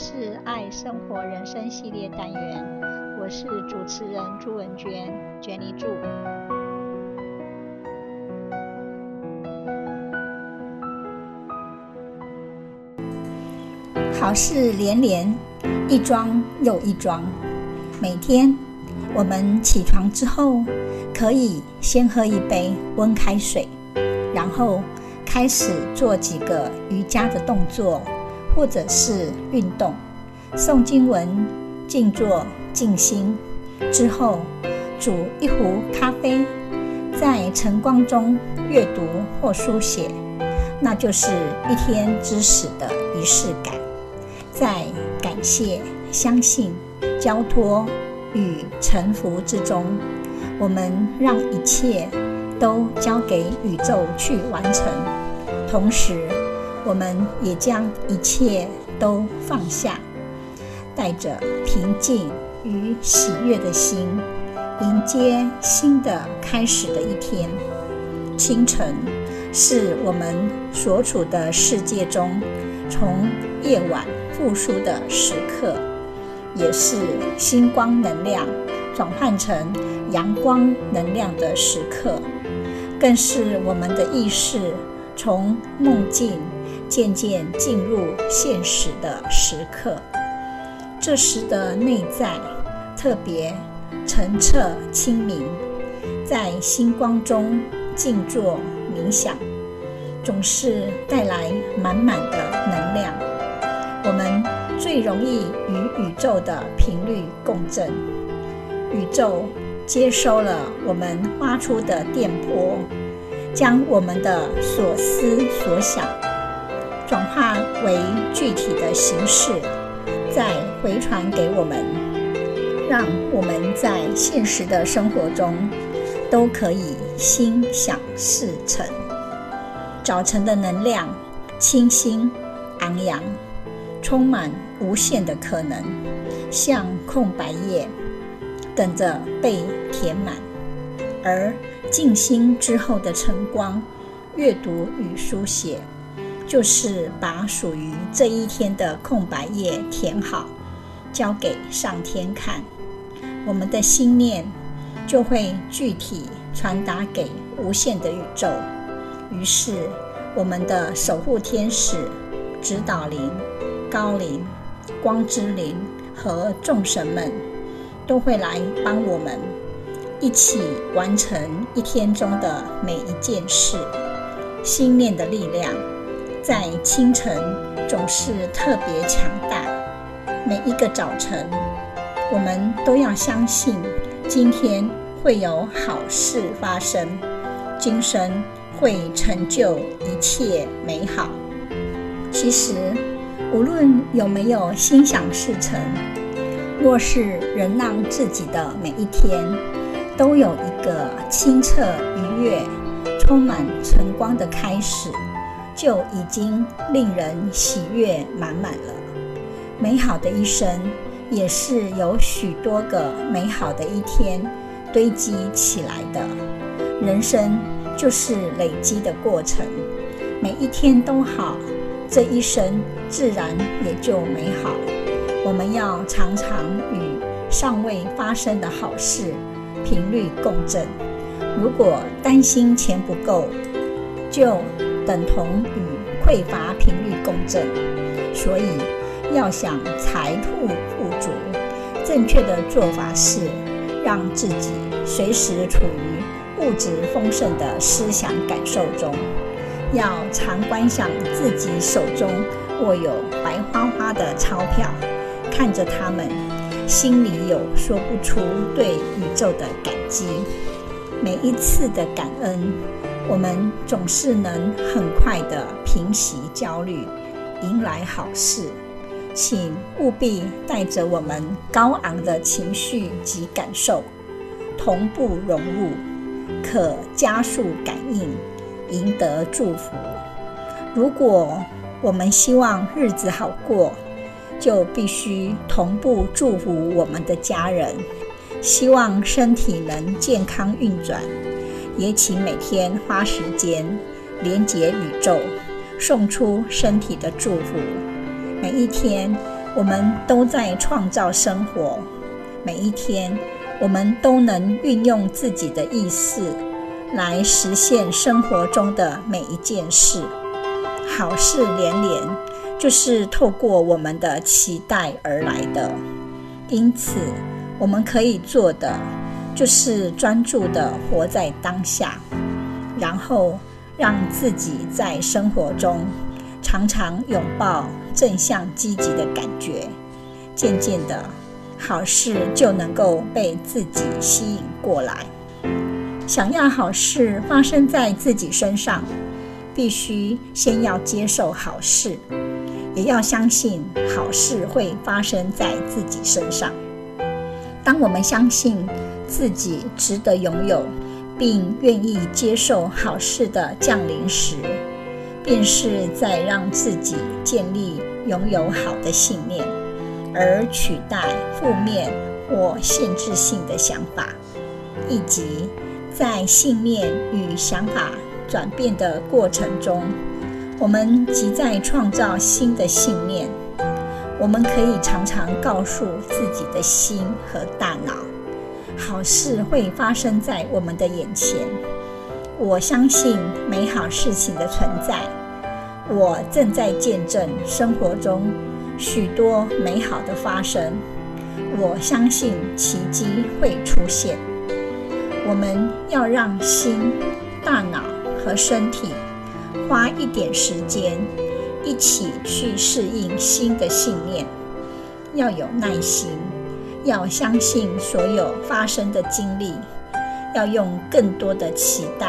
是愛生活人生系列單元，我是主持人朱文娟，娟妮祝。好事連連，一樁又一樁。每天我們起床之後，可以先喝一杯溫開水，然後開始做幾個瑜伽的動作。或者是運動、誦經文、靜坐、靜心之後，煮一壺咖啡，在晨光中閱讀或書寫，那就是一天知識的儀式感。在感謝、相信、交託與臣服之中，我們讓一切都交給宇宙去完成，同時。我們也將一切都放下，帶着平靜與喜悅的心，迎接新的開始的一天。清晨是我們所處的世界中，從夜晚復甦的時刻，也是星光能量，轉換成陽光能量的時刻，更是我們的意識，從夢境。漸漸進入現實的時刻，這時的內在特別澄澈清明，在星光中靜坐冥想，總是帶來滿滿的能量。我們最容易與宇宙的頻率共振，宇宙接收了我們發出的電波，將我們的所思所想。轉化為具體的形式，再回傳給我們，讓我們在現實的生活中都可以心想事成。早晨的能量清新、昂揚，充滿無限的可能，像空白頁，等着被填滿。而靜心之後的晨光，閱讀與書寫。就是把屬於這一天的空白頁填好，交給上天看，我們的心念就會具體傳達給無限的宇宙。於是，我們的守護天使、指導靈、高靈、光之靈和眾神們都會來幫我們，一起完成一天中的每一件事。心念的力量。在清晨總是特別強大。每一個早晨，我們都要相信今天會有好事發生，今生會成就一切美好。其實，無論有沒有心想事成，若是能讓自己的每一天都有一個清澈、愉悅、充滿晨光的開始。就已經令人喜悅滿滿了。美好的一生，也是由許多個美好的一天堆積起來的。人生就是累積的過程，每一天都好，這一生自然也就美好。我們要常常與尚未發生的好事頻率共振。如果擔心錢不夠，就等同於匱乏頻率共振，所以要想財富富足，正確的做法是讓自己隨時處於物質豐盛的思想感受中。要常觀想自己手中握有白花花的鈔票，看着它們，心裡有說不出對宇宙的感激。每一次的感恩。我們總是能很快地平息焦慮，迎來好事。請務必帶着我們高昂的情緒及感受，同步融入，可加速感應，贏得祝福。如果我們希望日子好過，就必須同步祝福我們的家人，希望身體能健康運轉。也請每天花時間連接宇宙，送出身體的祝福。每一天，我們都在創造生活；每一天，我們都能運用自己的意識來實現生活中的每一件事。好事連連，就是透過我們的期待而來的。因此，我們可以做的，就是專注地活在當下，然後讓自己在生活中常常擁抱正向積極的感覺，漸漸的好事就能夠被自己吸引過來。想要好事發生在自己身上，必須先要接受好事，也要相信好事會發生在自己身上。當我們相信。自己值得擁有，並願意接受好事的降臨時，便是在讓自己建立擁有好的信念，而取代負面或限制性的想法。亦即，在信念與想法轉變的過程中，我們即在創造新的信念。我們可以常常告訴自己的心和大腦。好事會發生在我們的眼前，我相信美好事情的存在。我正在見證生活中許多美好的發生，我相信奇蹟會出現。我們要讓心、大腦和身體花一點時間，一起去適應新的信念，要有耐心。要相信所有發生的經歷，要用更多的期待、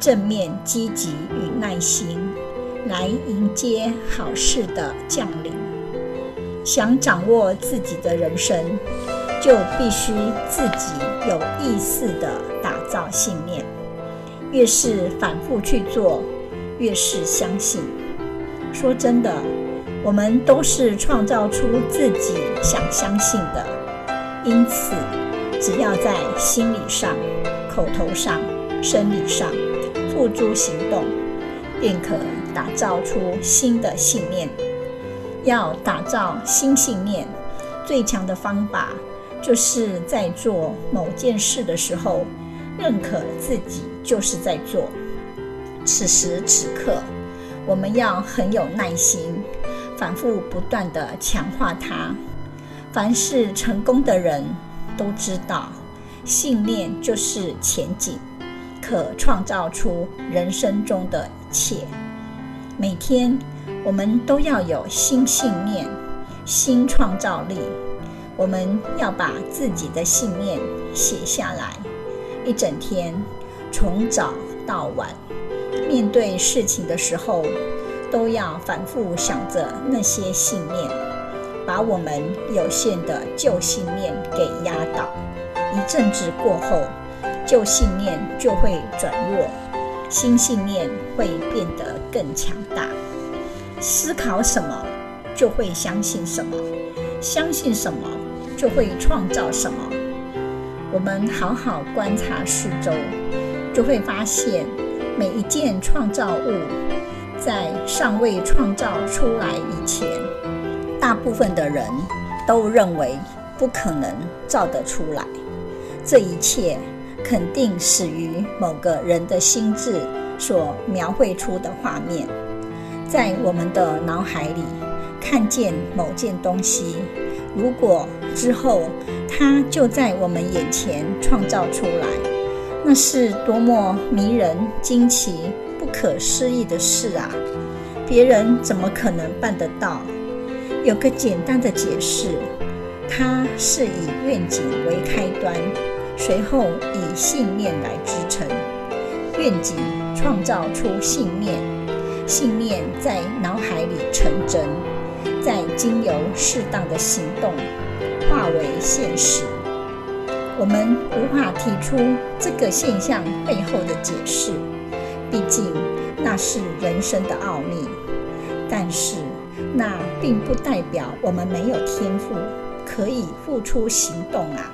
正面、積極與耐心來迎接好事的降臨。想掌握自己的人生，就必須自己有意識地打造信念。越是反復去做，越是相信。說真的，我們都是創造出自己想相信的。因此，只要在心理上、口頭上、生理上付諸行動，便可打造出新的信念。要打造新信念，最強的方法就是在做某件事的時候，認可自己就是在做。此時此刻，我們要很有耐心，反覆不斷地強化它。凡是成功的人都知道，信念就是前景，可創造出人生中的一切。每天我們都要有新信念、新創造力。我們要把自己的信念寫下來，一整天，從早到晚，面對事情的時候，都要反覆想着那些信念。把我們有限的舊信念給壓倒，一陣子過後，舊信念就會轉弱，新信念會變得更強大。思考什麼，就會相信什麼；相信什麼，就會創造什麼。我們好好觀察四周，就會發現每一件創造物，在尚未創造出來以前，大部分的人都認為不可能造得出來，這一切肯定始於某個人的心智所描繪出的畫面。在我們的腦海裡看見某件東西，如果之後它就在我們眼前創造出來，那是多麼迷人、驚奇、不可思議的事啊！別人怎麼可能辦得到？有個簡單的解釋，它是以願景為開端，隨後以信念來支撐。願景創造出信念，信念在腦海裡成真，再經由適當的行動化為現實。我們無法提出這個現象背後的解釋，畢竟那是人生的奧秘。但是，那並不代表我們沒有天賦，可以付出行動啊！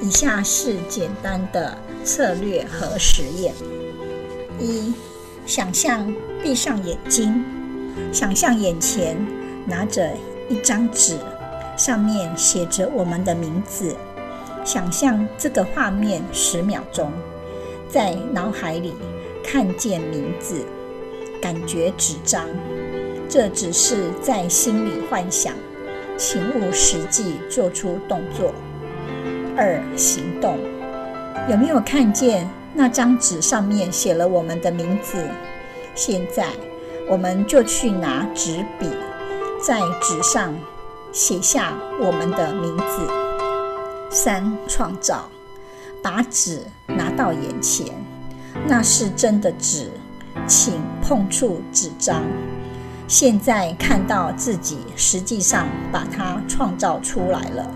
以下是簡單的策略和實驗：一、想象閉上眼睛，想象眼前拿着一張紙，上面寫着我們的名字，想象這個畫面十秒鐘，在腦海裡看見名字，感覺紙張。這只是在心裡幻想，請勿實際做出動作。二、行動，有沒有看見那張紙上面寫了我們的名字？現在我們就去拿紙筆，在紙上寫下我們的名字。三、創造，把紙拿到眼前，那是真的紙，請碰觸紙張。現在看到自己，實際上把它創造出來了。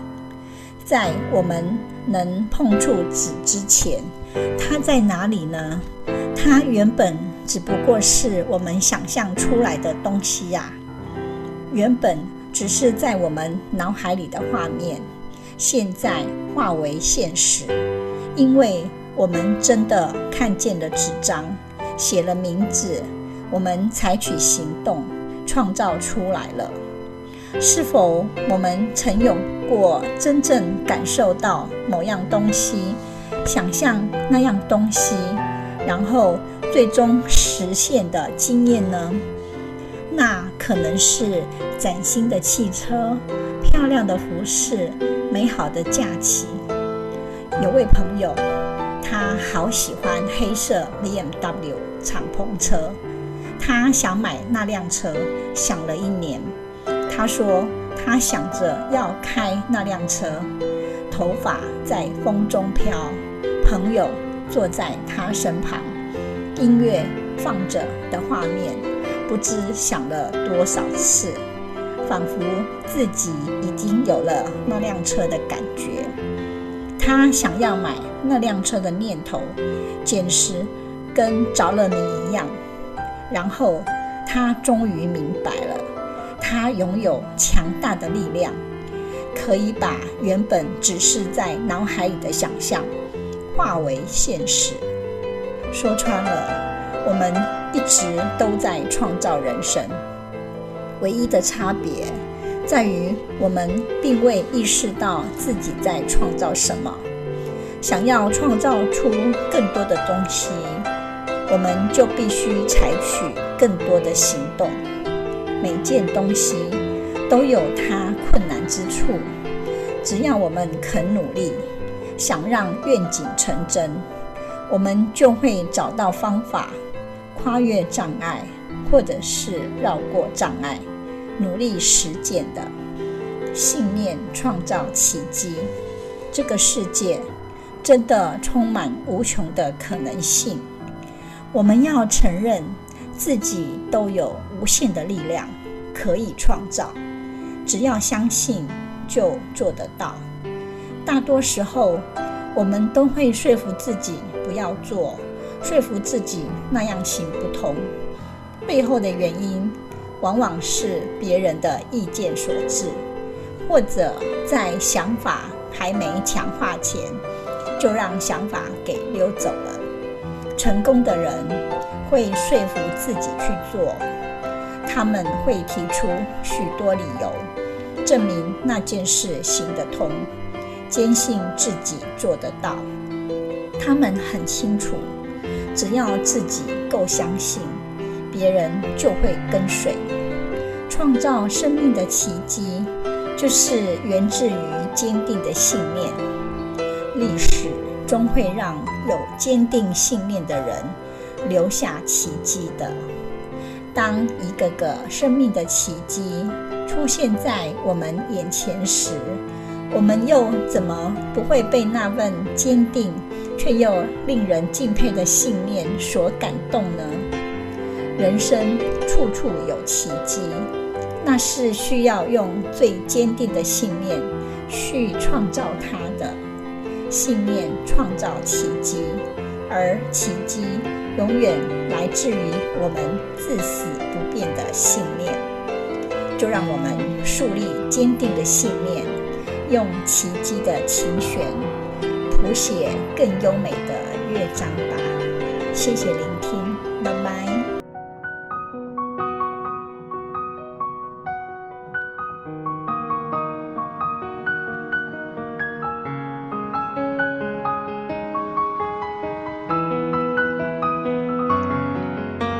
在我們能碰觸紙之前，它在哪裡呢？它原本只不過是我們想象出來的東西呀、啊，原本只是在我們腦海裡的畫面，現在化為現實，因為我們真的看見了紙張，寫了名字，我們採取行動。創造出來了！是否我們曾有過真正感受到某樣東西，想象那樣東西，然後最終實現的經驗呢？那可能是嶄新的汽車、漂亮的服飾、美好的假期。有位朋友，他好喜歡黑色 BMW 敞篷車。他想買那輛車，想了一年。他說他想着要開那輛車，頭髮在風中飄，朋友坐在他身旁，音樂放着的畫面，不知想了多少次，仿佛自己已經有了那輛車的感覺。他想要買那輛車的念頭，簡直跟着了迷一樣。然後，他終於明白了，他擁有強大的力量，可以把原本只是在腦海裡的想象化為現實。說穿了，我們一直都在創造人生，唯一的差別在於我們並未意識到自己在創造什麼，想要創造出更多的東西。我們就必須採取更多的行動。每件東西都有它困難之處。只要我們肯努力，想讓願景成真，我們就會找到方法跨越障礙，或者是繞過障礙，努力實踐的信念，創造奇蹟。這個世界真的充滿無窮的可能性。我們要承認自己都有無限的力量，可以創造。只要相信，就做得到。大多時候，我們都會說服自己不要做，說服自己那樣行不通。背後的原因，往往是別人的意見所致，或者在想法還沒強化前，就讓想法給溜走了。成功的人會說服自己去做，他們會提出許多理由，證明那件事行得通，堅信自己做得到。他們很清楚，只要自己夠相信，別人就會跟隨。創造生命的奇蹟，就是源自於堅定的信念。歷史。終會讓有堅定信念的人留下奇蹟的。當一個個生命的奇蹟出現在我們眼前時，我們又怎麼不會被那份堅定卻又令人敬佩的信念所感動呢？人生處處有奇蹟，那是需要用最堅定的信念去創造它的。信念創造奇蹟，而奇蹟永遠來自於我們至死不變的信念。就讓我們樹立堅定的信念，用奇蹟的琴弦譜寫更優美的樂章吧。謝謝您。